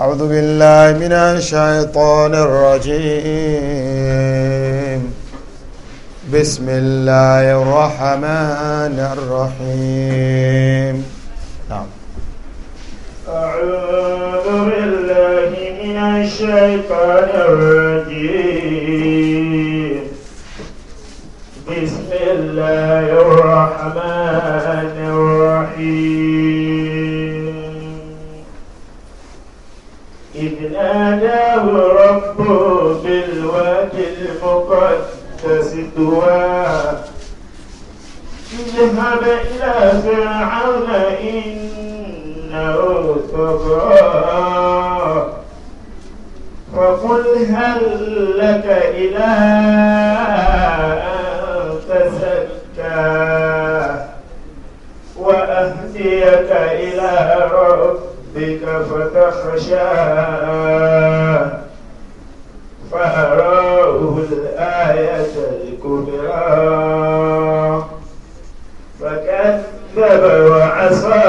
أعوذ بالله من الشيطان الرجيم بسم الله الرحمن الرحيم نعم أعوذ بالله من الشيطان الرجيم بسم الله الرحمن الرحيم ناداه ربه بالوادي المقدس طوى اذهب إلى فرعون إنه طغى فقل هل لك إلى أن تزكى وأهديك إلى ربك ربك فتخشى فأراه الآية الكبرى فكذب وعصى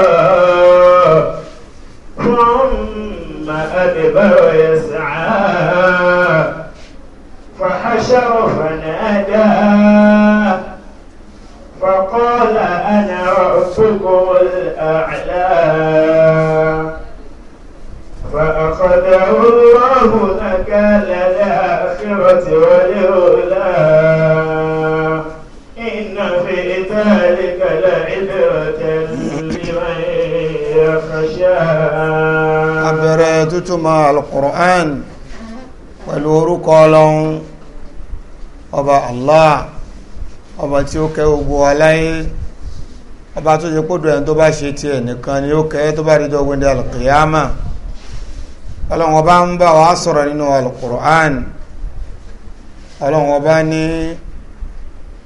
ثم أدبر يسعى فحشر فنادى فقال أنا ربكم الأعلى فتح الله لك الآخرة والأولى إن في ذلك لعبرة لمن يخشى abẹ̀rẹ̀ tútùmọ̀ alukur'an pẹ̀lú orúkọ ọlọ́run ọba allah ọba tí ó kẹ́ gbogbo aláyé ọba tó yẹ kó ẹni tó bá ṣe tiẹ̀ nìkan ni ó kẹ́ tó bá rí dọ́gbẹ́ndẹ́ alùkìyàmá ọlọ́run ọba ń bá wa sọ̀rọ̀ nínú alukur'an ọlọ́run ọba ní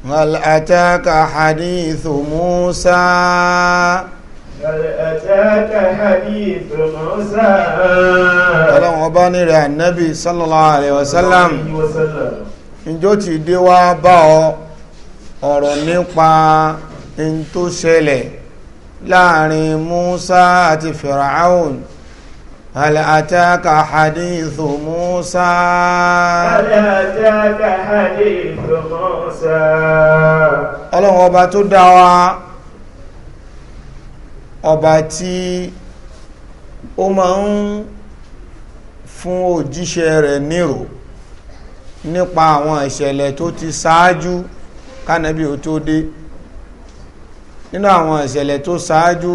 hal ataka hadithu musa ọlọ́run ọba ní rẹ̀ ànábì sallallahu alayhi wa sallam njó ti dé wá bá ọ ọ̀rọ̀ nípa n ṣẹlẹ̀ láàrin musa àti fìràáhùn هل أتاك حديث موسى هل أتاك حديث موسى ọlọ́run ọba tó dá wa ọba tí ó máa ń fún òjíṣẹ́ rẹ̀ nírò nípa àwọn ìṣẹ̀lẹ̀ tó ti ṣáájú kánàbí ó tó dé nínú àwọn ìṣẹ̀lẹ̀ tó ṣáájú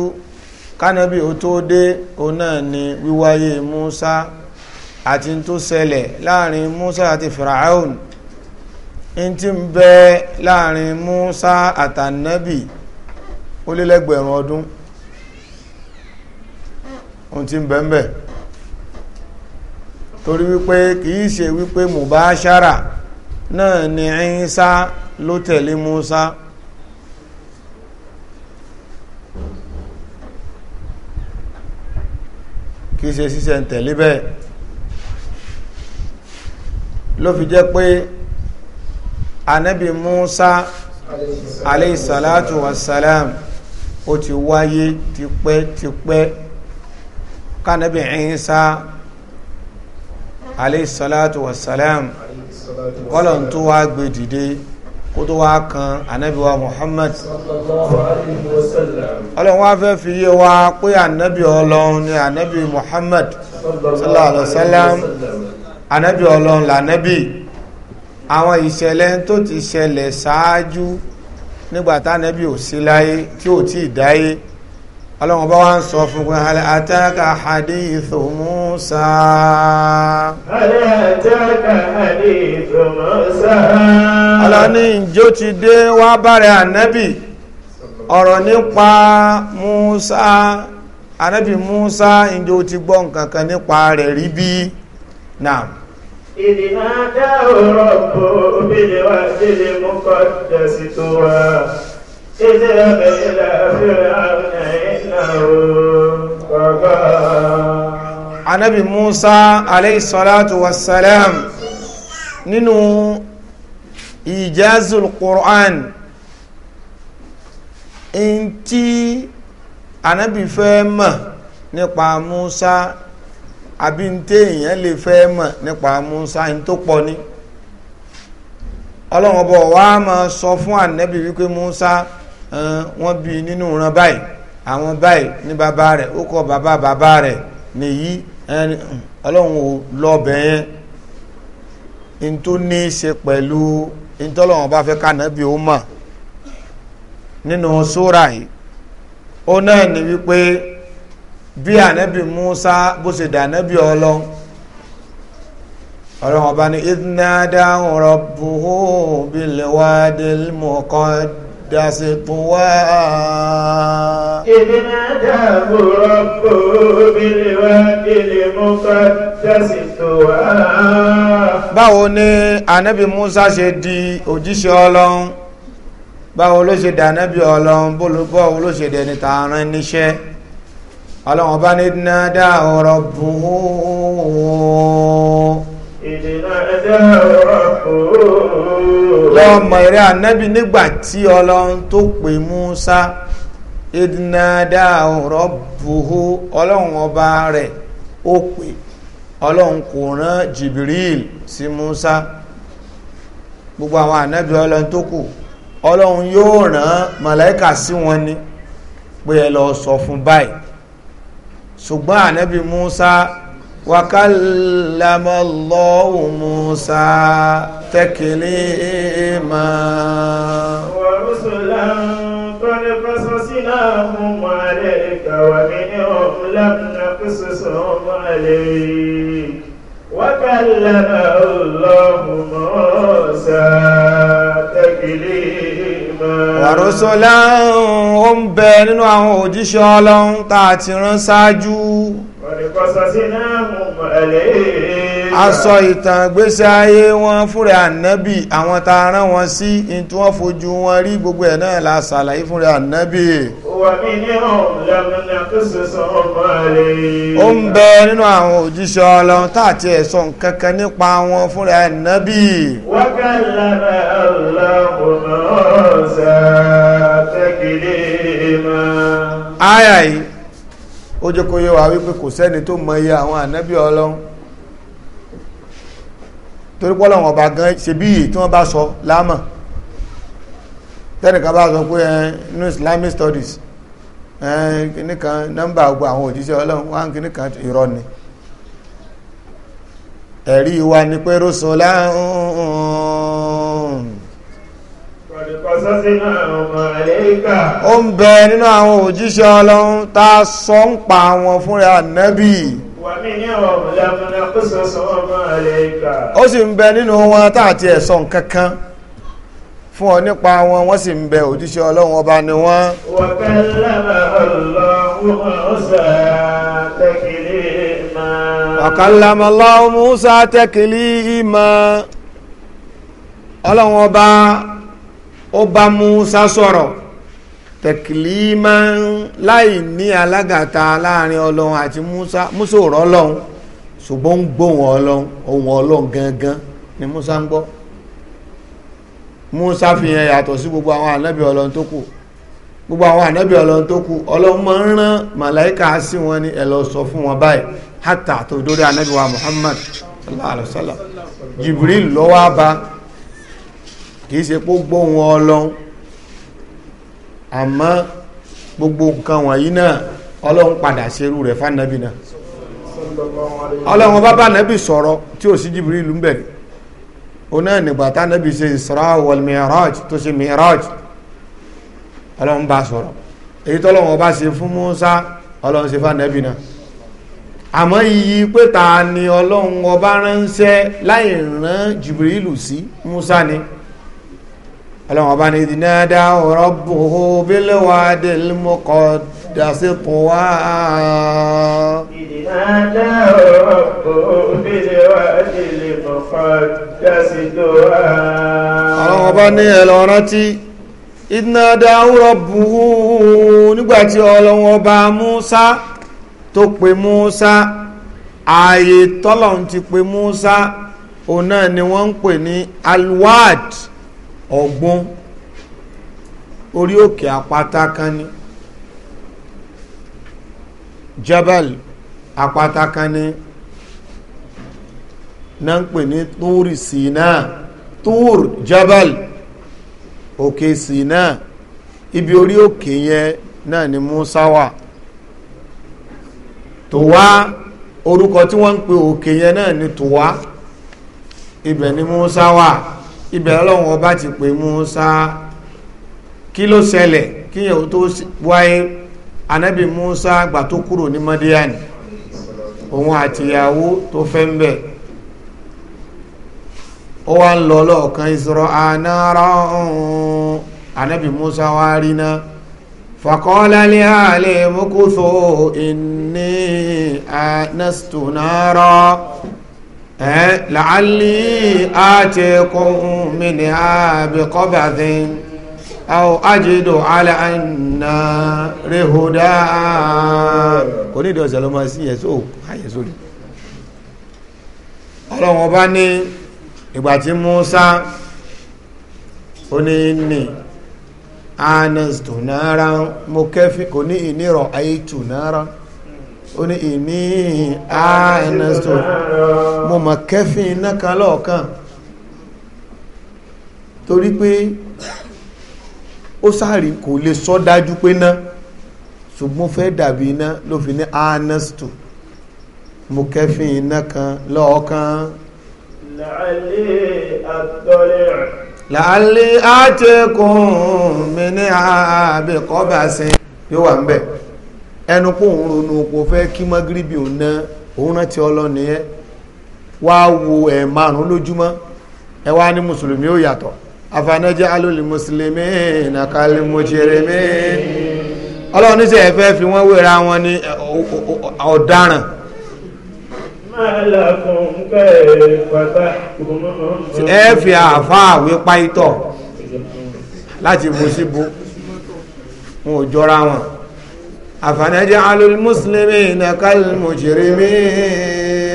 kánábì ó tó dé òun náà ni wíwáyé Musa àti tó ṣẹlẹ̀ láàrin Musa àti Firaun n ti ń bẹ láàrin Musa àtànábì ó lé lẹ́gbẹ̀rún ọdún ohun tí ń bẹ torí wípé kìí ṣe wípé mubashara náà ni Ìsá ló tẹ̀lé Musa. kì í ṣe ṣíṣe ń tẹ̀lé bẹ́ẹ̀ ló fi jẹ́ pé anabi musa aleyhisalatu wasalam ó ti wáyé tipẹ́tipẹ́ kanabi isa aleyhisalatu wasalam kọ́lọ̀ tó wá gbé dìde kó tó wá kan ànábì wa Muhammad ọlọ́run wá fẹ́ fi yé wa pé ànábì ọlọ́run ni ànábì Muhammad sallallahu alaihi wasallam ànábì ọlọ́run lànábì àwọn ìṣẹ̀lẹ̀ tó ti ṣẹlẹ̀ ṣáájú nígbà tánábì ò sí láyé tí ò tí ì dáyé ọlọ́run bá wá ń sọ fún pé hal ataka hadithu Musa. hal ataka hadithu Musa. ọlọ́ni ìjó ti dé wá bàrẹ̀ ànábì ọ̀rọ̀ nípa Musa ànábì Musa ìjó ti gbọ́ nǹkan kan nípa rẹ̀ rí bí náà. إذ ناداه ربه بالواد المقدس طوى اذهب إلى فرعون أنفقا anabi musa alayhi salatu wassalam nínú ijazul qur'an ntí anabi fẹ́ mọ̀ nípa musa àbí ntí èèyàn lè fẹ́ mọ̀ nípa musa ntó pọ̀ ni ọlọ́run ọba wa máa sọ fún anabi wípé musa wọ́n bí nínú ìran báyìí àwọn báyìí ní bàbá rẹ̀ ó kọ́ bàbá bàbá rẹ̀ nìyí ẹni ọlọ́run ò lọ́ọ̀bẹ̀ yẹn n tó ní í ṣe pẹ̀lú n tọ́lọ́run bá fẹ́ kànábì ó mọ̀ nínú sóra yìí ó náà ní wípé bí ànábì Musa bó ṣe dà ànábì ọlọ́run ọlọ́run ọba ní idh nada rabbuhu bil wadil muqaddas. تسطوا إذ ربه بالوادي المقدس طوى báwo ni ànábì Musa ṣe di òjíṣẹ́ Ọlọ́run báwo ló ṣe di ànábì Ọlọ́run báwo ló ṣe di ẹni tààrin níṣẹ́ Ọlọ́run ọba ní nádà rabbuhu lọ́mọ ìrẹ́ ànábì nígbà tí ọlọ́run tó pè Musa ìdínàdá ọ̀rọ̀ buhu ọlọ́run ọba rẹ̀ ó pè ọlọ́run kò rán Jibril sí Musa gbogbo àwọn ànábì ọlọ́run tó kù ọlọ́run yóò rán màláíkà sí wọn ni pé ẹ lọ sọ fún báyìí ṣùgbọ́n ànábì Musa وكلم الله موسى تكليما ورسلا قد قصصناهم عليك ومنهم لم نقصصهم عليك وكلم الله موسى تكليما ورسلا هم بيننا وجشالا تاتي رساجو a sọ ìtàn ìgbésí ayé wọn fúnra ànábì àwọn tá a rán wọn sí in tí wọ́n fojú wọn rí gbogbo ẹ̀ náà la ṣàlàyé fúnra ànábì ó ń bẹ nínú àwọn òjíṣẹ́ ọlọ́run tààtí ẹ̀sọ́ nkankan nípa wọn fúnra ànábì àyà yìí ó jẹ́ kó yé wa wípé kò sẹ́ni tó mọ iye àwọn ànábì ọlọ́run torí pé Ọlọ́run ọba gan ṣe bí iye tí wọ́n bá sọ lámọ̀ tẹ́nìkan bá sọ pé inú Islamic studies kìnnìkan nọ́mbà gbogbo àwọn òjíṣẹ́ ọlọ́run wá kìnnìkan irọ́ ni ẹ̀rí wa ni pé rọ́sọ̀lá ń ó ń bẹ nínú àwọn òjíṣẹ́ ọlọ́run tá a sọ ń pa wọn fúnra ànábì ó sì ń bẹ nínú wọn tá àti ẹ̀sọ́ nǹkan kan fún ọ nípa wọn wọ́n sì ń bẹ òjíṣẹ́ ọlọ́run ọba ni wọ́n. wàkàlámà Allahu Musa tẹ́kìlì ìmọ̀ ọlọ́run ọba ó bá Musa sọ̀rọ̀ tẹ̀kìlímà láì ní alágàta láàrin ọlọ́run àti Musa Musa ò rọ́ ọlọ́run ṣùgbọ́n ń gbóhùn ọlọ́run gangan ni Musa ń gbọ́ Musa fi hàn yàtọ̀ sí gbogbo àwọn ànábì ọlọ́run tó kù àwọn ànábì ọlọ́run tó kù ọlọ́run ń wọn ni ẹ lọ sọ fún wọn báyìí hátà tó dórí ànábì Muhammad sallallahu alaihi wa Jibril kìí ṣe pó gbóhun ọlọ́run àmọ́ gbogbo nǹkan wọ̀nyí náà ọlọ́run padà ṣerú rẹ̀ fánàbí náà ọlọ́run bá bá nàbí sọ̀rọ̀ tí ò sí Jibril ń bẹ̀rẹ̀ ó náà nígbà tá nàbí ṣe Isra wal Mi'raj tó ṣe Mi'raj ọlọ́run bá sọ̀rọ̀ èyí tọ́lọ́run bá ṣe fún Musa ọlọ́run ṣe fánàbí náà àmọ́ iyì pé ta ni ọlọ́run ọba ránṣẹ́ láì rán Jibrilu sí Musa ni ọlọ́wọ́n bá ní ìdínádá rabbuhu bil wadil muqaddas tuwa. ìdínádá rabbuhu bil wadil muqaddas tuwa. ọlọ́wọ́n bá ní ẹ̀lọ́ rántí ìdínádá rabbuhu nígbàtí ọlọ́wọ́n bá Musa tó pe Musa ààyè tọ́lọ̀ ti pe Musa òun náà ni wọ́n ń pè ní alwad ọ̀gbun orí òkè àpáta kan ní jabal àpáta kan ní náà ń pè ní túrì sínà túr jabal òkè sínà ibi orí òkè yẹn náà ni musa wà tòwá orúkọ tí wọ́n ń pè òkè yẹn náà ni tòwá ibẹ̀ ni musa wà ibẹ̀ ọlọ́run ọba ti pè Musa kí ló ṣẹlẹ̀ kíyàn tó wáyé anábì Musa gbà tó kúrò ní mọ́díyàní òun àtìyàwó tó fẹ́ ń bẹ̀ ó wá ń lọ lọ́ọ̀kan ìṣòro ànára ọ̀hún anábì Musa wá rí náà fàkọ́lá ní àlè mokúso ìní ànásùtù لعلي آتيكم منها بقبض أو أجد على النار هدى kò ní ìdíwọ̀sẹ̀ ló máa sí yẹn sóò ayẹ sórí ọlọ́run ọba ní ìgbà tí Musa ó ní ní anas tó náírà mo kẹ́fì kò ní ìnírọ̀ ayé tó náírà ó ní ìní àìnàstò mo mọ̀ kẹfìn iná kan lọ́ọ̀kan torí pé ó sáàrí kò lè sọ dájú pé ná ṣùgbọ́n fẹ́ dàbí iná ló fi ní àìnàstò mo kẹfìn iná kan lọ́ọ̀kan láàlẹ́ àtẹ́kùn mi ní àbẹ̀kọ́ bá sin yóò wà ń bẹ̀ ẹnu òun ronú kó fẹ́ kí mọ́gíríbì òun ná òun rántí ọlọ́ni ẹ wá wo ẹ márùn lójúmọ́ ẹ wá ní mùsùlùmí ó yàtọ̀ afanẹ́jẹ́ alólè mùsùlùmí nàkàlì mùsùlùmí ọlọ́run ní ẹ fẹ́ fi wọ́n wéra wọn ní ọ̀daràn ẹ fi àáfàá láti wọn ò jọra wọn. àfànàjàlú mùsùlùmí nàkàlù mùjìrìmí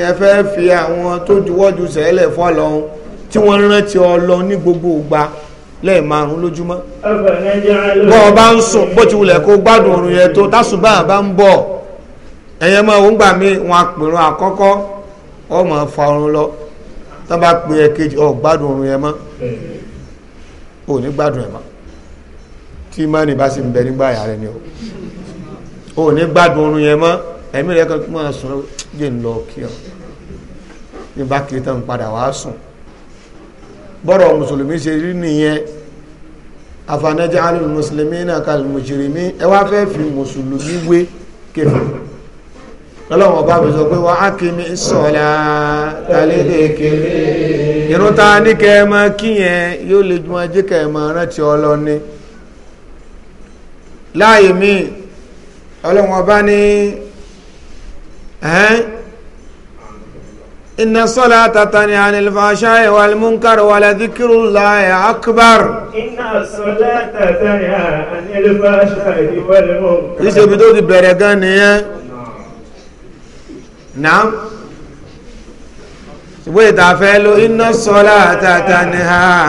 ẹ fẹ́ fi àwọn tó juwọ́jú sẹ́lẹ̀ fọ́lọ́hún tí wọ́n rántí Ọlọ́hun ní gbogbo ìgbà lẹ́ẹ̀márùn lójúmọ́ bọ́ ọ bá ń sùn bó ti wulẹ̀ kó gbádùn oorun yẹn tó tásùbà bá ń bọ̀ ẹ̀yẹ́ mọ́ òun gbà mí wọn àpèrún àkọ́kọ́ ọmọ fa oorun lọ tó bá pè é kejì ọ gbádùn oorun yẹn mọ́ ò hmm. gbádùn ẹ̀ mọ́ tí mọ́ni bá sì ń bẹ nígbà yàrá ni o o ò ní gbádùn oorun yẹn mọ́ ẹ̀mí rẹ̀ kan máa sùn jẹ́ ń lọ kí ọ ní bá kiri tán padà wá sùn bọ́rọ̀ mùsùlùmí ṣe rí nìyẹn afanájá alùn mùsùlùmí náà kalù mùsùlùmí ẹ wá fẹ́ fi mùsùlùmí wé kéfì lọ́lọ́wọ́ bá fi sọ pé wọ́n á kí mi sọ̀lá tàlédèké irun ta ní kẹ́ẹ̀mọ́ kíyẹn yóò lè jùmọ̀ jẹ́ rántí ọlọ́ni láàyè míì ọlọ́run ọba ní inna salata tani anil fashai wal munkar wala dhikrullahi akbar inna salata tani anil fashai wal munkar ise bi tó ti bẹ̀rẹ̀ gan nìyẹn naam ṣùgbọ́n ìta fẹ́ ló inna salata tani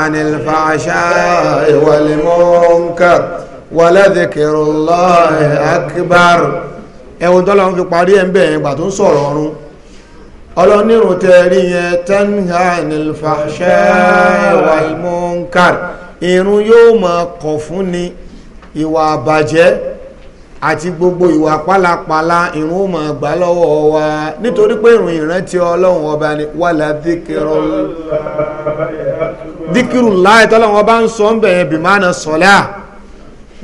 anil fashai wal munkar waladhikirullahi akbar ẹ̀wọ̀n tó lọ́n fi parí ẹ̀ ń bẹ̀ gbà tó ń sọ̀rọ̀ ọ̀run ọlọ́nírun tẹ́ rí yẹn tanha anil fahsha'i irun yóò máa kọ̀ fún ni ìwà àbàjẹ́ gbogbo ìwà pálapàla irun ó gbà lọ́wọ́ wa nítorí pé irun ìrántí ọlọ́run ọba ni wàlá láì tọ́lọ́run ọba ń sọ ń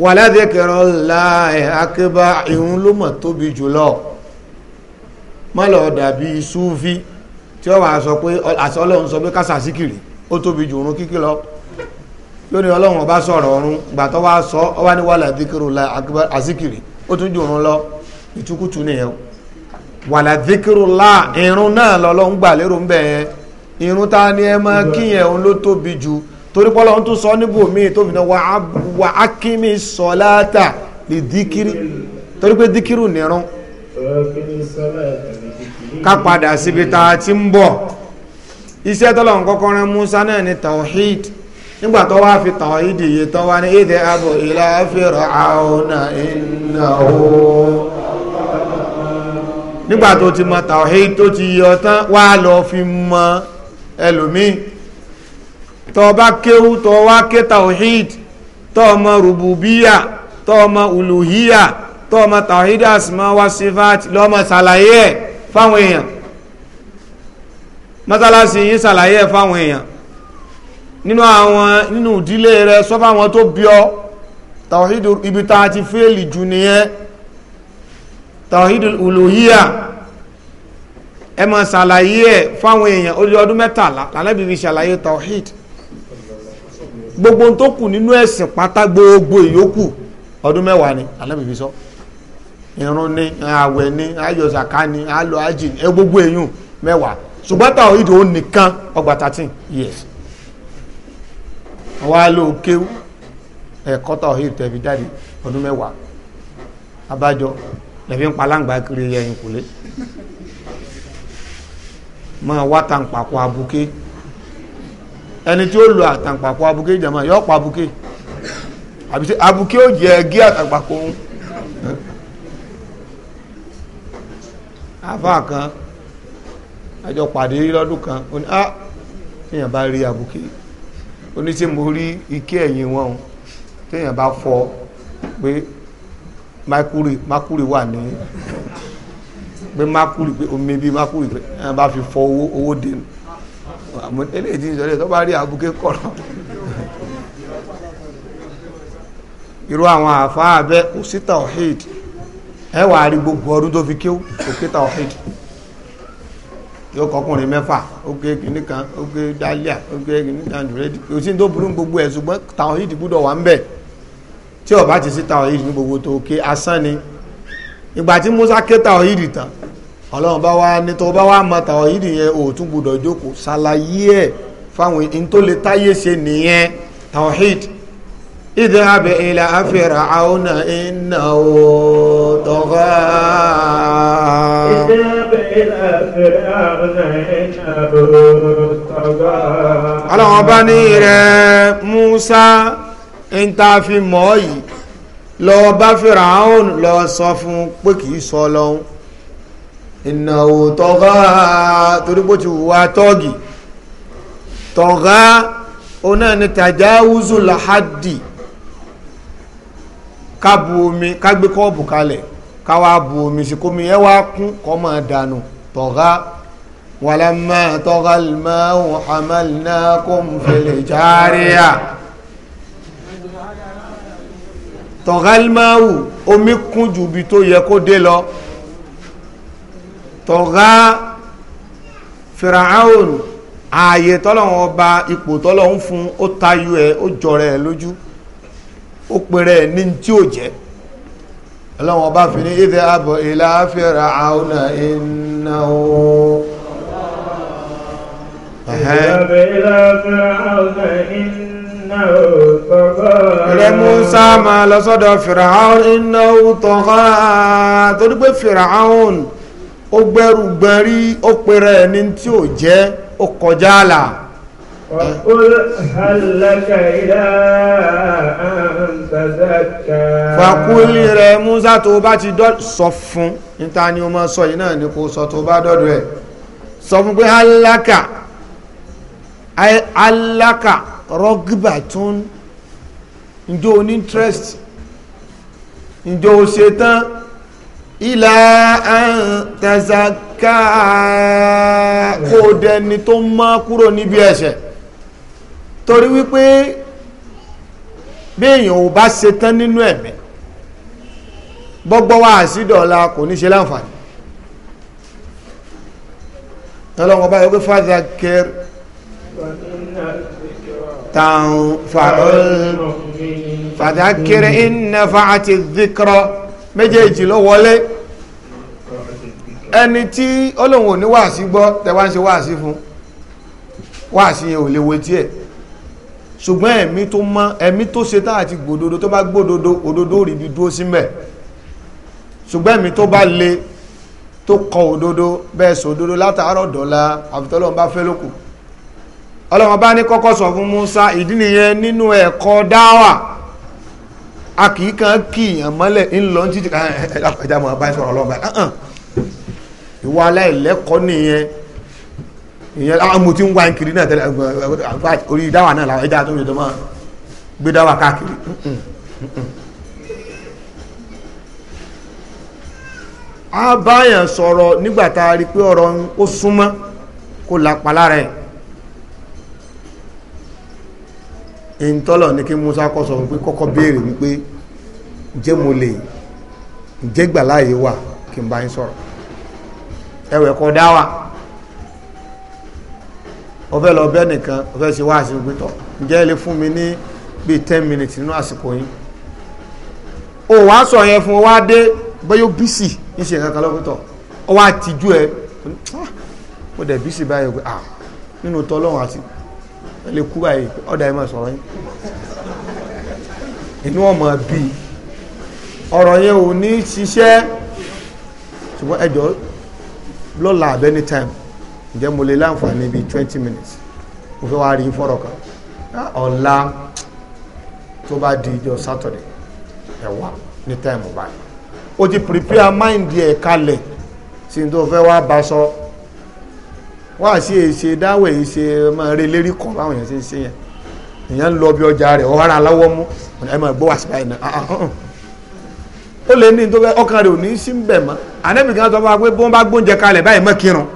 wàládẹ́kẹ̀rọ láàẹ̀ akébá ìhun ló mọ̀ tóbi jùlọ mọ́lọ̀ dàbí súfí tí ó wà sọ pé àti ọlọ́run sọ pé kásà síkìrì ó tóbi jù òun kíkì lọ lónìí ọlọ́run ọba sọ̀rọ̀ ọ̀run gbà tó wá sọ ọ wá ní àsíkìrì ó tún jù lọ ìtukùtù nìyẹn irun torí pé Ọlọ́hun tún sọ níbò míì tó fi náà wà á kí mi sọ láàtà lè díkiri torí pé díkirù nìrún ká padà síbi tá a ti ń bọ̀ iṣẹ́ tọ́lọ̀ kọ́kọ́ rán Musa náà ni tawhid nígbà tó wá fi tawhid yìí tó wá ní ìdè abu ila fir'auna innahu nígbà tó ti mọ tawhid tó ti yọ tán wá lọ fi mọ ẹlòmíì tó bá kéwú tó wá ké tawhid tó rububiya tó ọmọ uluhiya tó tawhid asma wa sifat lọ́mọ salaye ẹ̀ fáwọn èèyàn mọ́sálásí yìí salaye ẹ̀ fáwọn èèyàn nínú àwọn nínú ìdílé rẹ sọ fáwọn tó bí ọ tawhid ibi tá a ti fẹ́ẹ̀lì jù nìyẹn tawhid uluhiya ẹ máa ṣàlàyé ẹ̀ fáwọn èèyàn ó lé ọdún mẹ́tàlá lànà bíbí ṣàlàyé tawhid. gbogbo tó kù nínú ẹ̀sìn pátá gbogbo ìyókù ọdún mẹ́wàá ni alábìbí sọ irun ni àwẹ̀ ni ni alọ ajì ẹ gbogbo èyún mẹ́wàá ṣùgbọ́n táwọn ìdò nìkan ọgbà years wọ́n á kéwú ẹ̀kọ́ táwọn ìdò jáde ọdún mẹ́wàá abájọ ń kiri ẹ̀yìn ẹni tí ó lo àtàǹpàkò abuké ìjàmbá yọ pa abuké àbí abuké ó jẹ gé àtàǹpàkò òun àfáà kan àjọ pàdé lọ́dún kan ó ní ah téèyàn bá rí abuké ó ní tí mo rí ike ẹ̀yìn wọn téèyàn bá fọ pé makuri makuri wà ní pé makuri pé omi bíi makuri pé ẹ bá fi fọ owó owó dénú eléyìí ti sọlẹ̀ tó bá rí abuké kọ̀rọ̀ irú àwọn àfáà bẹ́ kò sí tawhid ẹ wà rí gbogbo ọdún tó fi kéw kò ké yóò kọkùnrin mẹ́fà ó ké kìíní kan ó ké dálíà ó ké kìíní kan dùrẹ́dì kò sí tó burú gbogbo ẹ̀ ṣùgbọ́n tawhid gbúdọ̀ wà ń bẹ̀ tí ó bá ti sí tawhid ní gbogbo tó ké asán ni ìgbà tí Musa ké tawhid tán ọlọ́run bá wá ní tó bá wá mọ tàwọn yìí nìyẹn ò tún gbọdọ̀ jókòó ṣàlàyé ẹ̀ fáwọn èyí tó lè táyé ṣe nìyẹn tawhid idhhab ila fir'auna innahu tagha. idhhab ila fir'auna innahu ọlọ́run bá ní rẹ̀ Musa ń ta fi mọ́ yìí lọ bá Fir'aun lọ sọ fún pé kì í sọ lọ́hùn ìnáwó tọ́gá torí bó ti wà tọ́gì tọ́gá oná ni tàjáwúzù làhádì ká bu omi ká gbé kọ́ọ̀bù kalẹ̀ ká wá bu omi sí kómi ẹ wá kún kọ́ máa dànù tọ́gá wàlámà tọ́gá lmáwù hamalnakum fil jariya tọ́gá lmáwù omi kún jù bí tó yẹ kó dé lọ tọ̀gá fìràhàn ààyè tọ́lọ́wọ́n ọba ipò tọ́lọ́wọ́n fún ó tayọ ẹ̀ ó jọrẹ̀ ẹ̀ lójú ó pèrè ẹ̀ ní tí ò jẹ́ ọlọ́wọ́n ọba fi ní ìdẹ́ àbọ̀ ìlà fìràhàn ìnáwó ilẹ̀ Musa máa lọ sọ́dọ̀ fìràhàn ìnáwó tọ̀gá torí pé fìràhàn ó gbẹ́rù gbọ́n rí ó pèrè ẹni tí ò jẹ́ ó kọjá àlà fàkúlì rẹ̀ Musa tó bá ti sọ fún níta ni o mọ́ sọ yìí náà ní kò sọ tó bá dọ́dọ̀ ẹ̀ sọ fún pé Alaka Alaka rọ́gbà tó ń njó ní interest njó ṣe tán ilà tẹ̀sàkà kó dẹni tó mọ́ kúrò níbi ẹ̀ṣẹ̀ torí wípé bí èèyàn ò bá ṣe tán nínú ẹ̀mí gbọ́gbọ́ wá àṣídọ̀ọ́la kò ní ṣe láǹfààní tọ́lọ́wọ́ bá pé fàdà kẹr tàn fàdà kẹr ìnà fàtì dhikra méjèèjì ló wọlé ẹni tí olóhùn ò ní wàásí gbọ́ tẹwà ń ṣe wàásí fún wàásí yẹn ò lè wo tí ẹ̀ ṣùgbọ́n ẹ̀mí tó mọ́ ẹ̀mí tó ṣe tá àti gbòdodo tó bá gbòdodo òdodo rí bí dúó símẹ̀ ṣùgbọ́n ẹ̀mí tó bá le tó kọ òdodo bẹ́ẹ̀ sọ òdodo látàárọ̀ dọ̀la àfitọ́lọ́n bá fẹ́ lókù ọlọ́run bá ní kọ́kọ́ sọ fún Musa ìdí nìyẹn nínú ẹ̀kọ́ dáwà a kì í kan kí ìyàn mọ́lẹ̀ ń lọ títí kan ẹja mọ̀ báyìí sọ̀rọ̀ ọlọ́mọ ẹ̀ ìwà aláìlẹ́kọ̀ọ́ nìyẹn ìyẹn àmú tí ń wá kiri náà tẹ́lẹ̀ orí dáwà náà làwọn ẹja tó ń gbé dáwà káàkiri. Mm, mm, mm, a báyàn sọ̀rọ̀ nígbà tá a rí pé ọ̀rọ̀ ó súnmọ́ kó lára ẹ̀ ìntọ́lọ̀ ní kí Musa kọ́ sọ wípé kọ́kọ́ béèrè wípé jẹ́ mo lè jẹ́ gbàláyé wà kí n bá yín sọ̀rọ̀ ẹwẹ̀ kọ́ dá wa ọfẹ́ lọ bẹ́ẹ̀ nìkan ọfẹ́ ṣe wá àṣìwò pítọ̀ ǹjẹ́ ilé fún mi ní bíi ten minutes nínú àsìkò yín o wàá sọ yẹn fún wa dé bẹ́yọ́ bísì ń ṣe kankan lọ́pítọ̀ ọ wá tìjú ẹ ó dẹ̀ bísì báyọ̀ pé ah nínú tọ́lọ́run àti lè kú báyìí ọ̀dà ẹ̀ máa sọ̀rọ̀ yín inú ọmọ bí ọ̀rọ̀ yẹn ò ní ṣiṣẹ́ ṣùgbọ́n ẹjọ́ lọ́la at any time ǹjẹ́ mo lè láǹfààní bíi twenty minutes mo fẹ́ wá rí fọ́rọ̀ kan ọ̀la tó bá di ìjọ Saturday ẹ wá ní táìmù báyìí o ti prepare mind ẹ̀ kalẹ̀ sí ní tó fẹ́ wá bá sọ. So, wá sí èsè dáwọ̀ èsè máa rí lérí kọ̀ báwọn èèyàn ṣe ń ṣe ọjà rẹ̀ ara alawọ mú ẹ máa gbọ́ wá náà ah, ah, ah. ó lè ní nítorí ọkàn ò ní sí bẹ̀ mọ́ kan sọ fún wa pé bí wọ́n bá gbóúnjẹ kalẹ̀ báyìí mọ́ kírun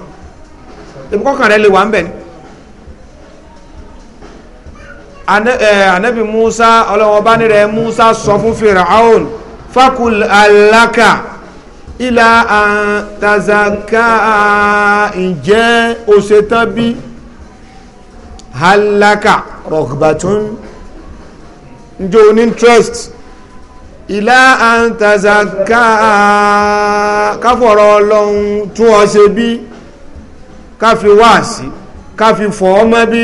lè wà ń Musa ọlọ́wọ́n Musa sọ fún fakul alaka ìlà àtàzàkà ǹjẹ́ òṣètán bí halaka rọ̀gbàtún ǹjẹ́ o ní interest ìlà àtàzàkà káfọ̀rọ̀ ọlọ́run tún ọ ṣe bí káfi wáàsí káfi fọ́ ọmọ bí.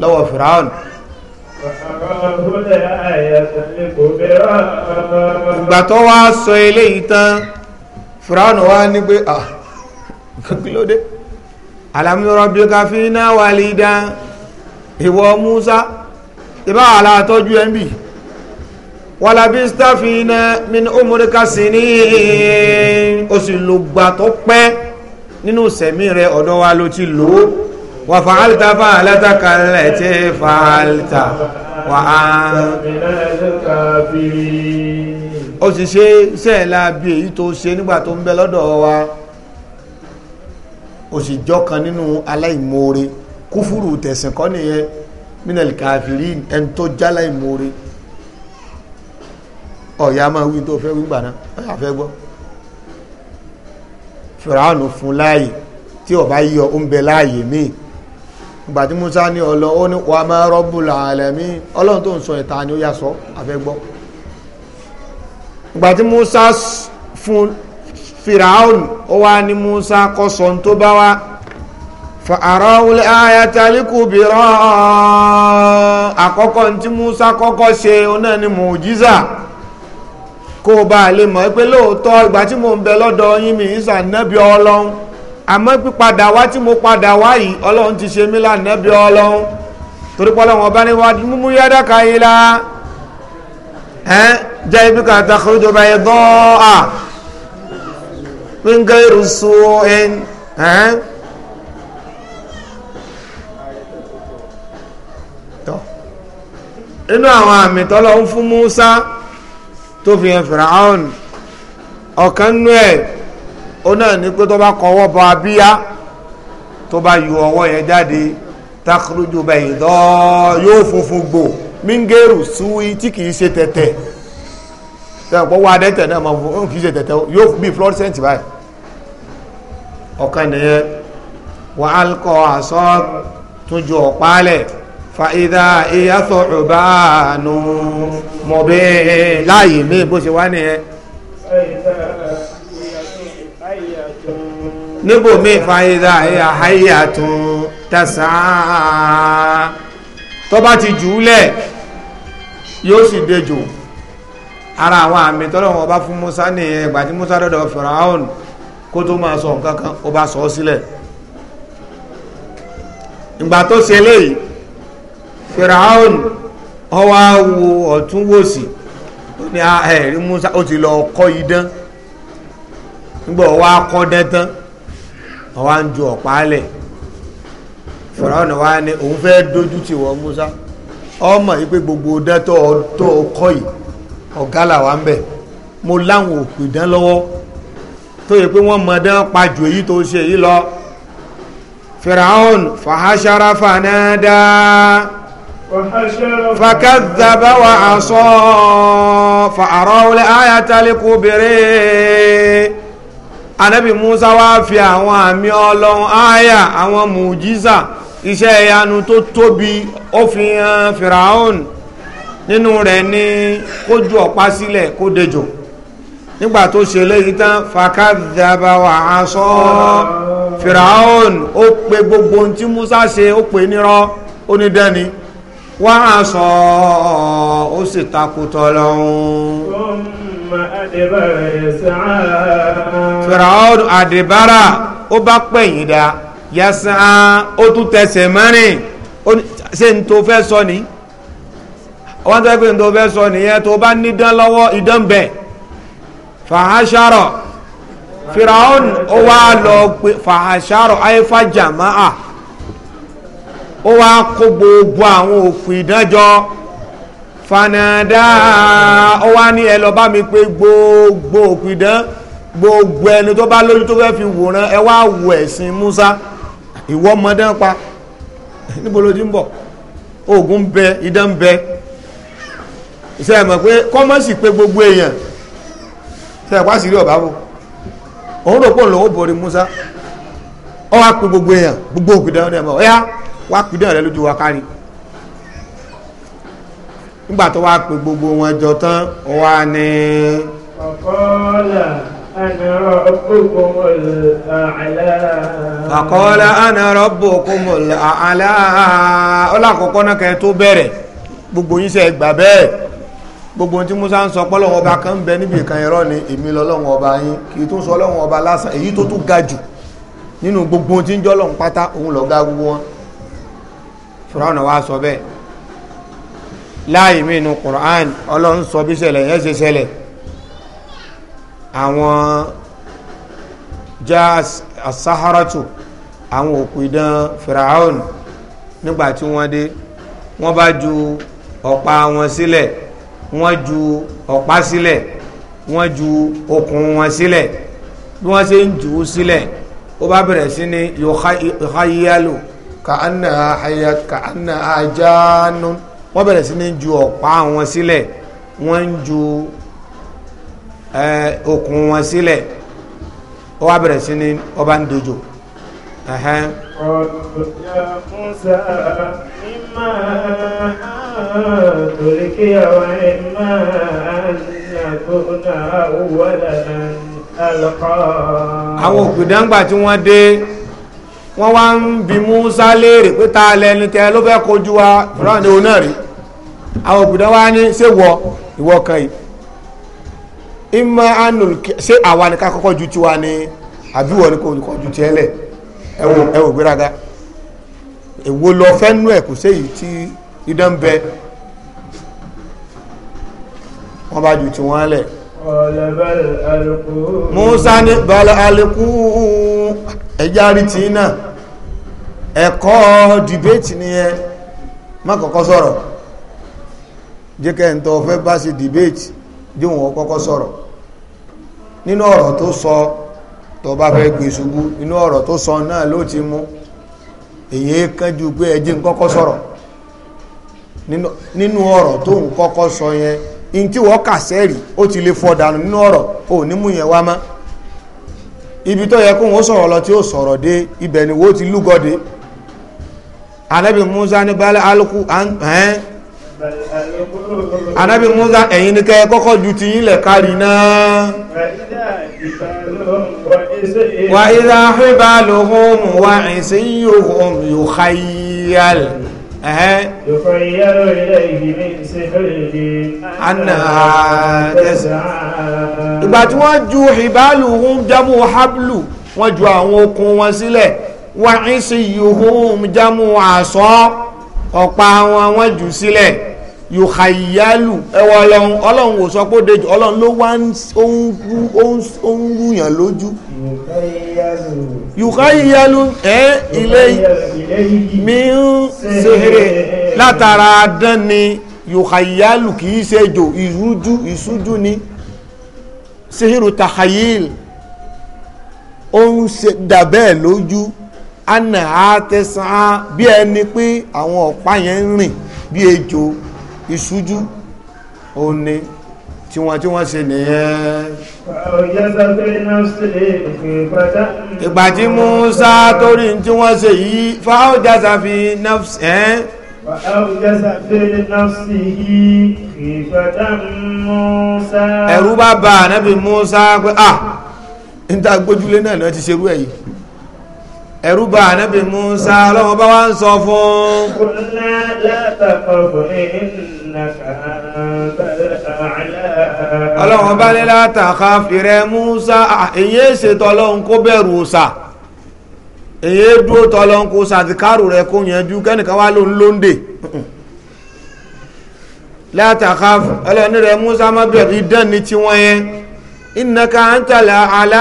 lọ́wọ́ fìràún ìgbà tó wá sọ eléyìí tán fìràún wá ní pé ah kílódé alamúrọ̀ bí káfí náà wà lè dá ìwọ Musa ìbá àlàtọ́jú ẹ̀ ń bì wàlàbísta fi iná min umurika sí ní oṣù lògbà tó pẹ́ nínú sẹ̀mí rẹ̀ ọ̀dọ̀ wa ló ti lò وفعلت فعلتك التي فعلت وأنت من الكافرين ó sì ṣe sẹ́ẹ̀lá bí èyí tó ṣe nígbà tó ń bẹ lọ́dọ̀ wa ó sì jọ́kan nínú aláìmoore kúfúrú tẹ̀sìn nìyẹn minel kafirin ẹni tó já aláìmoore ọ̀yà máa wí tó fẹ́ wí gbà náà ọ̀yà fẹ́ gbọ́ fìràánù fún láàyè tí ó bá ó ń bẹ láàyè míì ìgbà tí Musa ní ọlọ ó ní wà máa Rabbul Alamin ọlọ́run tó ń sọ ìta ni ó yà sọ àfẹ́gbọ́ ìgbà tí Musa fún Firaun ó wá ní Musa kọ́ sọ tó bá wá fa arawul ayata likubira àkọ́kọ́ tí Musa kọ́kọ́ ṣe ó ni mujiza kó o bá lè mọ̀ pé lóòótọ́ ìgbà tí mò ń bẹ lọ́dọ̀ yín mi ìsàn nẹ́bí ọlọ́run àmọ́ pípadà wá tí mo padà wá yìí ọlọ́run ti ṣe mí lánàbí ọlọ́run torí pọ́lọ́ wọn bá ní wá múmú yádá káyílá ẹ́n jẹ́ ibi kan takhruju bayda'a min ghayri su'in ẹ́n tọ́ inú àwọn àmì tọ́lọ́ ń fún Musa tó fi hàn Fir'aun ọ̀kan nú ẹ̀ ó náà ní pé tó bá kọ ọwọ́ bọ abíyá tó bá yọ ọwọ́ yẹn jáde takurujú bẹ́ẹ̀ dọ́ yóò funfun gbò mingeru suwi tí kìí ṣe tẹ̀tẹ̀ tẹ̀wọ̀n pọ̀ wá adẹ́tẹ̀ náà máa ń kìí ṣe tẹ̀tẹ̀ yóò bí fluorescent báyìí ọ̀kan nìyẹn wà á kọ́ àṣọ tún ọ̀pálẹ̀ fàídà ìyàtọ̀ ọ̀bánú mọ̀bẹ́ láàyè mí bó ṣe wá nìyẹn. ne bo mi fa yi da ya haya to ta sa to ba ti ju le yo si dejo ara wa mi to musa ni e gba musa dodo faraon ko to ma so nkan kan o ba so sile ngba to se leyi faraon o wa wo otun wo ni a eh musa o ti lo ko idan ngba o wa ko detan wọn wá ń ju ọ̀pá lẹ̀ fìràwọn wa ni òun fẹ́ dojú ti wọ Musa ọmọ yìí pé gbogbo ọdẹ tó tó kọ́ yìí ọ̀gá làwa ń bẹ̀ mo láwọn òpìdán lọ́wọ́ tó yẹ pé wọ́n mọ dán pa ju èyí tó ṣe yìí lọ fìràwọn fàhásárá fanáda fàkàdàbà wà àṣọ fàárọ̀ wọlé ayatollah kò bèrè anabi musa wa fi àwọn àmì ọlọ́run aya àwọn mùjísà iṣẹ́ ìyanu tó tóbi ó fi hàn firaun nínú rẹ̀ ní kó ju ọ̀pá sílẹ̀ kó dejò nígbà tó ṣe léyìí tán fakadaba wa aṣọ firaun ó pe gbogbo tí musa ṣe ó pe nírọ́ ó ní dẹ́ni wá aṣọ ó sì takùtọ̀ lọ́hùn fìràwọ́n àdìbára ó bá pẹ̀yìn dá yasa ó tún tẹsẹ̀ mẹ́rin ṣé n tó fẹ́ sọ ni wọ́n tẹ́ pé n tó fẹ́ sọ nìyẹn tó bá nídán lọ́wọ́ ìdán bẹ̀ fàhásàrọ̀ fìràwọ́n ó wá lọ pé fàhásàrọ̀ ayéfàjàmáà ó wá kó gbogbo àwọn òfin ìdánjọ́ fanada ó wá ní ẹ lọ bá mi pé gbogbo òpìdán gbogbo ẹni tó bá lójú tó fẹ́ fi wòran ẹ wá wò ẹ̀sìn Musa ìwọ mọdán pa níbo ló ti ń bọ̀ oògùn ń bẹ idán ń bẹ ṣe é mọ̀ pé kọ́mọ́sì pé gbogbo èèyàn ṣe é pàṣírí ọ̀bá bò òun rò pọ̀ lọ́wọ́ bọ̀rí Musa ọ wá pe gbogbo èèyàn gbogbo òpìdán ọ̀dẹ̀ mọ̀ ọ̀yá wá pìdán rẹ lójú wa kárí nígbà tó wá pè gbogbo wọn jọ tán wá ní. ọ̀kọ́ọ̀là ana rabbukumul a'la. àkọ́ọ̀là ana rabbukumul a'la. ọlọ́kọ̀ọ́kọ́ náà kẹ́ tó bẹ̀rẹ̀ gbogbo yín ṣe gbà bẹ́ẹ̀ gbogbo tí Musa ń sọ pọ́lọ́wọ́n ọba kan ń bẹ níbi ìkan ẹ̀rọ ni èmi lọ́lọ́wọ́n ọba yín kì í tó sọ ọlọ́wọ́n ọba lásán èyí tó tún ga jù nínú gbogbo tí ń jọ́ lọ́n pátá òun lọ́gá gbogbo wọn. Fúráwọ̀n wa sọ bẹ́ẹ̀ láàyè mí inú Qur'an ọlọ́run sọ bí ṣẹlẹ̀ yẹn ṣe ṣẹlẹ̀ àwọn já asaharatu àwọn òkú idán firaun nígbà tí wọ́n dé wọ́n bá ju ọ̀pá wọn sílẹ̀ wọ́n ju ọ̀pá sílẹ̀ wọ́n ju okùn wọn sílẹ̀ bí wọ́n ṣe ń jù ú sílẹ̀ ó bá bẹ̀rẹ̀ sí ní yòháyálò ka'anna hayat ka'anna ajánu wọ́n bẹ̀rẹ̀ sí ní ju ọ̀pá wọn sílẹ̀ wọ́n ń ju okùn wọn sílẹ̀ ó wá bẹ̀rẹ̀ sí ní ọba ń dojo. àwọn ẹ̀ máa tí wọ́n dé. wọ́n wá ń bi Musa léèrè pé ta lẹni tẹ ló fẹ́ kojú wa fúnra ní oná rí àwọn òbúdá wa ní ṣé wọ ìwọ kan yìí ìmọ̀ anul ṣé àwa ni ká kọ́kọ́ ju tiwa ni àbí wọ́n ni kò kọ́ ju tiẹ̀ lẹ̀ gbéraga èwo lọ fẹ́ nú ẹ̀ kò séyìí tí idán ń bẹ wọ́n bá ju tiwọn lẹ̀ Musa ní balẹ̀ alikú. ẹjárí tí náà ẹ̀kọ́ dìbẹ́tì nìyẹn má kọ́kọ́ sọ̀rọ̀ jẹ́kẹ́ ń tọ́ fẹ́ bá ṣe dìbẹ́tì sọ̀rọ̀ nínú ọ̀rọ̀ tó sọ tó bá fẹ́ gbé ṣubú nínú ọ̀rọ̀ sọ náà ló ti mú èyí kánjú pé ẹjí ń kọ́kọ́ sọ̀rọ̀ nínú ọ̀rọ̀ tó sọ yẹn wọ́n kà sẹ́rì ó ti lè fọ́ dànù nínú ọ̀rọ̀ ibi tó yẹ kó wọ́n sọ̀rọ̀ lọ tí ó sọ̀rọ̀ dé ibẹ̀ ni wọ́n ti lúgọ́dé anabi musa ní balẹ̀ alukú ẹ́n anabi musa ẹ̀yin ní kẹ́ kọ́kọ́ ju ti yín lẹ̀ kárì náà wà ìdá àfẹ́bà lòhùn wà ìsẹ́yìn yòhùn yòhàyàlì يخيل إليه من سحره أنها تسعى ìgbà tí wọ́n ju hibaluhum jamu hablu wọ́n ju àwọn okùn wọn sílẹ̀ wa isiyuhum jamu asọ́ ọ̀pá wọn wọ́n jù sílẹ̀ yòhàyálù ẹwà ọlọ́run ọlọ́run ò sọ pé ó dejò ọlọ́run ló wá ó ń rúyàn lójú yòhàyálù ẹ ilé mi ń ṣeré látara dán ni yòhàyálù kìí ṣe jò ìrújú ìṣújú ni sehiru tahayil ó ń dàbẹ́ lójú ana àtẹ̀sán bí ẹni pé àwọn ọ̀pá yẹn ń rìn bí ejò ìṣújú òní tí wọ́n tí wọ́n ṣe nìyẹn ìgbà tí Musa torí tí wọ́n ṣe yìí fáwọn jásá fi nafsi ẹ́n ẹ̀rú bá bá ànábì Musa pé ah ń ta gbójúlé náà náà ti ṣerú èyí ẹ̀rú bá ànábì Musa ọlọ́run bá wá ń sọ fún. kúnlẹ̀ látàkọ̀fọ̀ ọlọ́run bá ní látàkà fìrẹ́ Musa èyí ṣètò ọlọ́run kó bẹ̀rù ọ̀sà èyí dúró tọ́ ọlọ́run kó sàtìkárù rẹ̀ kó yanjú kẹ́nìkan wá ló ń lóńdè látàkà ọlọ́run rẹ̀ Musa má bẹ̀rù idán ni tiwọn yẹn ìnaka ń tàlà àlà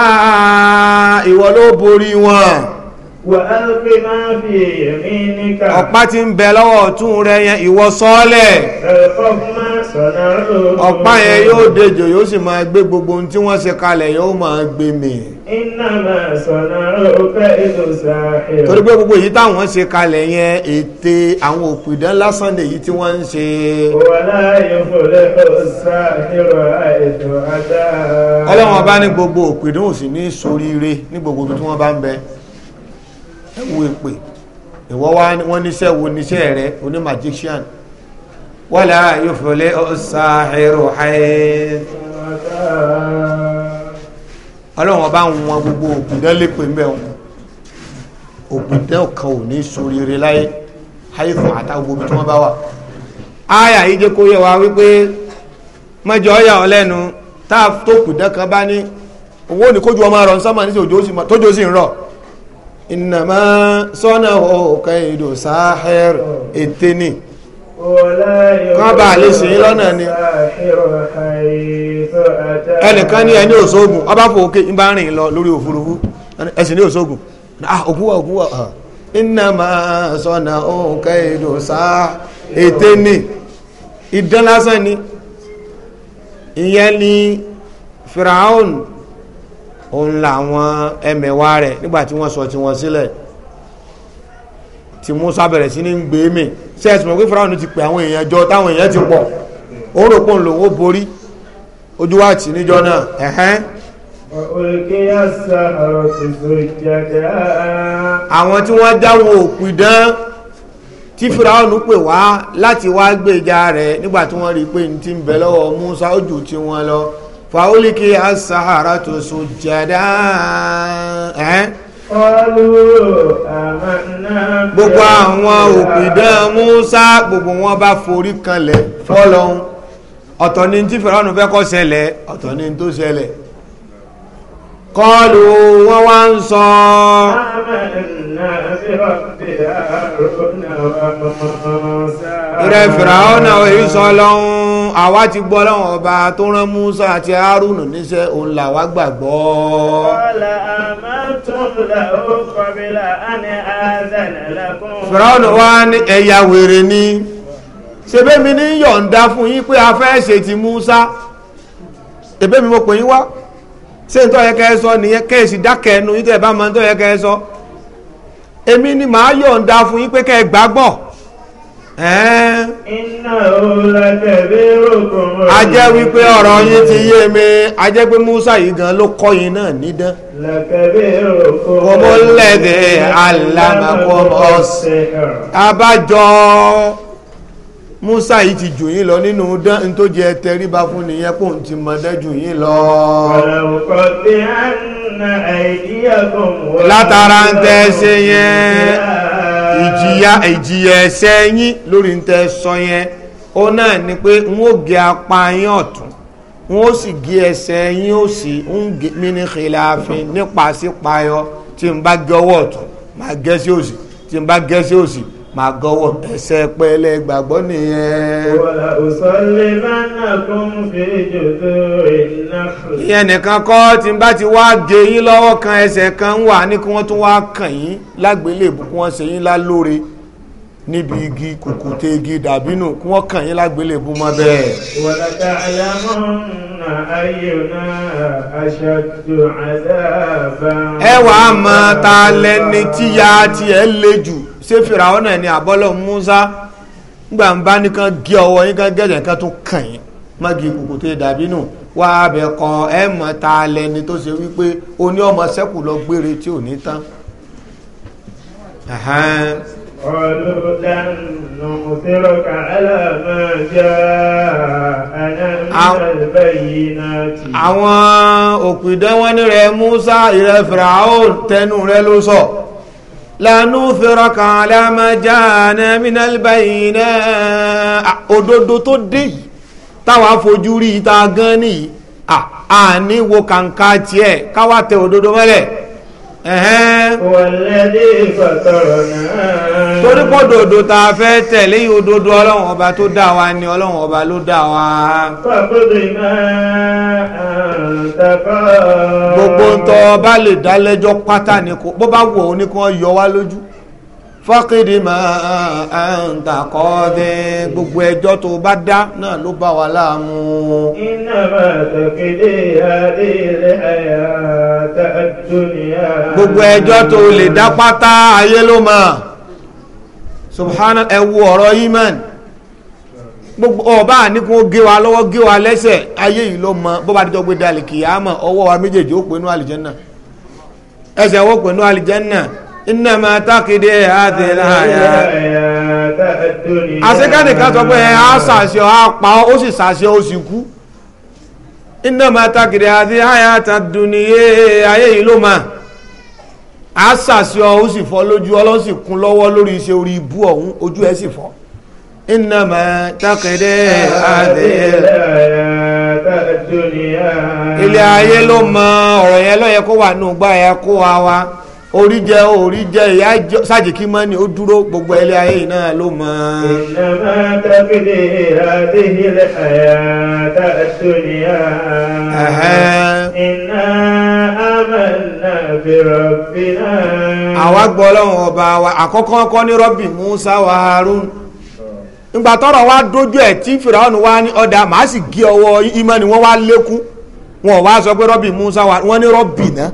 ìwọ ló borí wọn. ọ̀pá tí ń bẹ lọ́wọ́ ọ̀tún rẹ yẹn ìwọ sọ́ọ́lẹ̀ ọ̀pá yẹn yóò dejò yóò sì máa gbé gbogbo tí wọ́n se kalẹ̀ yóò máa gbé mì torí pé gbogbo èyí táwọn kalẹ̀ yẹn ète àwọn lásán tí wọ́n ń ọlọ́wọ́n bá ní gbogbo ní ní gbogbo tí wọ́n bá ń bẹ ẹ̀wọ̀n èpè ìwọ́ wá wọ́n wo rẹ oní magician wala yuflihu as-sahiru hayth haị. ọba ń wọn gbogbo ń wọn kan ò ní sóríire láyé àtàwọn gbogbo tí wọ́n bá wà áyà yìí jẹ́ kó yẹ wa wípé ọ tá a tó kan bá ní owó ní kójú ọmọ rọ̀ ń sọ́mọ̀ níṣẹ́ òjò sì ń ìnàmá sọ́nà òkè ìdò sáhẹ́r ètè ni kán bá lè ṣe lọ́nà ni ẹnìkan ní ẹni òṣogun ọba fò òkè ń bá rìn lọ lórí òfurufú ẹ̀sìn ní òṣogun ah òkúwà òkúwà ìnàmá ah. sọ́nà òkè ìdò sáhẹ́r ètè ni ìdán lásán ni ìyẹn ni firaun òun làwọn ẹmẹ̀wá rẹ̀ nígbà tí wọ́n sọ tiwọn sílẹ̀ tí Musa bẹ̀rẹ̀ sí ní gbé mi sẹ́ẹ̀sì mọ̀ pé Fáráò ti pè àwọn èèyàn jọ táwọn èèyàn ti pọ̀ ó rò pé òun lòun ó borí ojú wa tì níjọ náà ẹ̀hẹ́n àwọn tí wọ́n dáwọ́ òpìdán tí fìràwọ̀nù pè wá láti wá gbèjà rẹ̀ nígbà tí wọ́n rí pé ní ti ń bẹ lọ́wọ́ Musa ojú tí wọ́n lọ fàólìkì asahara tó so jada ẹ́ gbogbo àwọn òpìdán Musa gbogbo wọn bá forí kanlẹ̀ fọ́lọ́hún ọ̀tọ̀ ni tí Fáráò fẹ́ kó ṣẹlẹ̀ ọ̀tọ̀ ni tó ṣẹlẹ̀ kọlu wọn wá ń sọ. ìrẹ fìràwọ́n náà èyí sọ lọ́hún àwa ti gbọ́ lọ́hún ọba tó rán Musa àti Haruna níṣẹ́ òun là wá gbàgbọ́. fìràwọ́n wá ní ẹ̀yà wèrè ni ṣebí mi ní yọ̀ǹda fún yín pé a fẹ́ ṣe ti Musa ẹ̀bẹ̀ mi mo pè yín wá ṣé nítorí ẹ̀kẹ́ ẹ sọ nìyẹn kẹ́ẹ̀sì dákẹ́ ẹnu yìí tẹ̀ bá máa ń tọ́ ẹ̀kẹ́ ẹ sọ ni màá yọ̀ǹda fún yín pé kẹ́ ẹ gbàgbọ́ iná òòlà tẹ̀lé rògbòn a jẹ́ wípé ọ̀rọ̀ yín ti yé mi a jẹ́ pé Musa yìí gan ló kọ́ yín náà nídán. lẹ́tẹ̀lé rògbòn rẹ̀. kòmólẹ́dẹ̀ alamakomọ́sẹ̀. abájọ. Musa yìí ti jù yín lọ nínú dán tó jẹ tẹríba fún nìyẹn kó ti mọ̀dẹ́ jù yín lọ. látara ń tẹ́ ṣe yẹn ìjìyà ìjìyà ẹ̀ṣẹ̀ yín lórí ń tẹ́ sọ yẹn ó náà ni pé n ó gé apá yín ọ̀tún n ó sì gé ẹsẹ̀ yín ó sì ń gé mini khilafin nípa sípayọ tí n bá gé ọwọ́ ọ̀tún máa gé òsì tí n bá gé òsì máa gọ́wọ́ ẹsẹ̀ pẹ́lẹ́ gbàgbọ́ nìyẹn. wàlà òsànlé lánà tó ń fi jòdó ìlànà. ìyẹn nìkan kọ́ tí n bá ti wá gé yín lọ́wọ́ kan ẹsẹ̀ kan wà ní kí wọ́n tún wá kàn yín lágbélébù kí wọ́n ṣe yín lálóore níbi igi kùkùté igi dàbínú kí wọ́n kàn yín lágbélébù mọ́ bẹ́ẹ̀. wàlà tá a yà mọ́ ẹ wàá mọ ta lẹni tíya tiẹ̀ le jù ṣé fìràwọ́n náà ni àbọ́lọ̀ Musa gbà ń bá nìkan gé ọwọ́ yín kan gẹ̀dẹ̀ kan tún kàn yín mọ́gì kòkò tó dàbí nù wá abẹ kan ẹ mọ̀ ta lẹni tó ṣe wípé o ní ọmọ sẹ́kù lọ gbére tí ò ní tán. àwọn òpìdán wọn Musa ìrẹ tẹnu rẹ ló sọ. So lanúfẹ̀rọ̀kà alámájáná mínálbàyìnà òdodo tó dé yìí táwa fojú rí ìta gan ní àníwò kàǹkà tiẹ̀ káwà tẹ òdodo mọ́lẹ̀ ẹ̀hẹ́n torí pọ̀ dòdò tá a fẹ́ tẹ̀lé yìí òdodo ọlọ́run ọba tó dá wa ni ọlọ́run ọba ló dá wa. gbogbo ń tọ́ bá lè dá lẹ́jọ́ pátá ni kò bó bá wọ̀ ọ́ ní kí yọ wá lójú fọ́kìdì máa ń takọ́ dé gbogbo ẹjọ́ tó bá dá náà ló bá wa láàmú. iná máa tọkìdì àdé ilé àyà tá a gbogbo ẹjọ́ tó lè dá pátá ayé ló máa subhana ẹ ọ̀rọ̀ iman gbogbo ọba àníkún gé wa lọ́wọ́ gé wa lẹ́sẹ̀ ayé yìí ló mọ bó bá dijọ́ gbé dalẹ̀ kìyàmọ̀ ọwọ́ wa méjèèjì ó pinnu àlìjẹ́nà ẹsẹ̀ wọ́n pinnu àlìjẹ́nà innama takide àti láyà. àṣekánìkan sọ pé a ṣàṣọ a pa ó sì ṣàṣọ ó sì kú. innama takide àti láyà ta dùnìyẹ ayé yìí ló máa. a ṣàṣọ ó sì fọ́ lójú ọlọ́sìn kún lọ́wọ́ lórí iṣẹ́ orí ibú ọ̀hún ojú ẹ̀ sì fọ́. innama takide àti láyà ta dùnìyẹ. ilé ayé ló mọ ọ̀rọ̀ yẹn ló yẹ kó wa. orí jẹ orí jẹ ìyá sájìkí mọ́ ni ó dúró gbogbo ẹlẹ́ ayé iná ló mọ́. ìṣẹ̀má tábìlì àti ilẹ̀ àyàtà àtúnyà. iná àmàlà fi rọ̀bì náà. àwa gbọ́ ọlọ́run ọba wa àkọ́kọ́ kọ́ ní rọ́bì Musa wa Harun ìgbà tọ́rọ̀ wa dójú ẹ̀ tí Fìràwọn wa ní ọ̀dà màá sì gé ọwọ́ ìmọ̀ ni wọ́n wá lékún wọn ò wá sọ pé rọ́bì Musa wa wọ́n ní rọ́bì náà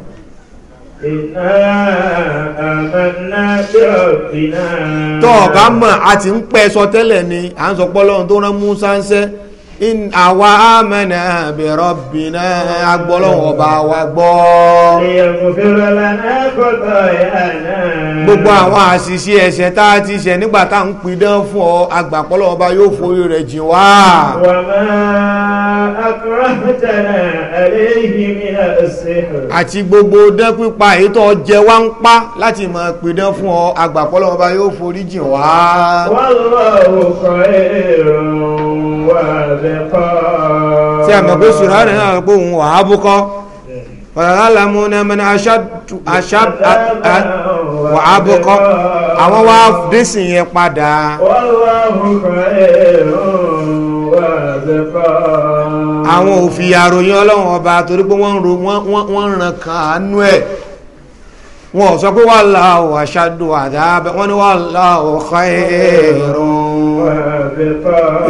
tọ́ ọ̀bá a ti ń pẹ́ sọ tẹ́lẹ̀ ni à ń sọ pé tó rán in àwa amẹ́nà bẹ̀rọ̀ bìnà agbọ́lọ́wọ́ bá wa gbọ́. gbogbo àwọn àṣìṣe ẹ̀ṣẹ̀ tá a ti ṣẹ̀ nígbà tá ń pidán fún ọ agbàpọ́lọ́wọ́ bá yóò forí rẹ̀ jìn wá. àti gbogbo dán pípa èyí tó jẹ wá ń pa Lati mọ̀ pidán fún ọ agbàpọ́lọ́wọ́ bá yóò forí jìn wá. wọ́n lọ́wọ́ kọ́ tí a mọ̀ pé sùránì náà pé òun wàhábù kọ́ wàhálàmù náà mẹ́ni wàhábù kọ́ àwọn wá dísìn yẹn padà àwọn òfin àròyìn ọlọ́run ọba torí pé wọ́n ń ro ẹ̀ wọn sọ pé wallahu ashaddu adhab wọ́n ní wallahu khairun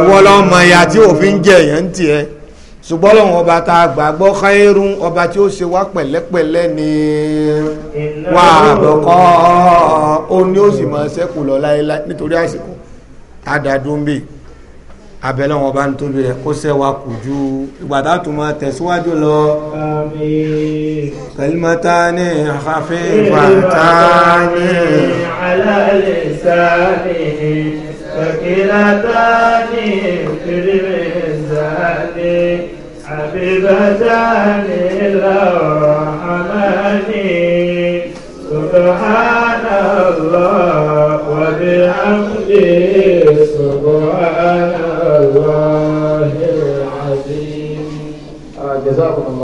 wọ́lọ́ mọ ìyá tí òfin jẹ èèyàn ń tiẹ̀ ṣùgbọ́n lọ́wọ́n ọba tá a gbàgbọ́ káyérún ọba tí ó ṣe wá pẹ̀lẹ́pẹ̀lẹ́ ni wà á lọ́kọ́ ó ní ó sì máa ṣẹ́kù lọ láéláé nítorí àsìkò àdàdúnbì abẹ́lẹ́wọ̀n ọba ń tóbi rẹ̀ kó ṣẹ́wà kù ju ìgbà tátù máa tẹ̀síwájú lọ kẹlímọ́tà ní àfáfẹ́ ìfàtà ní فكلتان في الميزان حبيبتان للرحمن سبحان الله وبحمده سبحان الله العظيم آه، جزاكم الله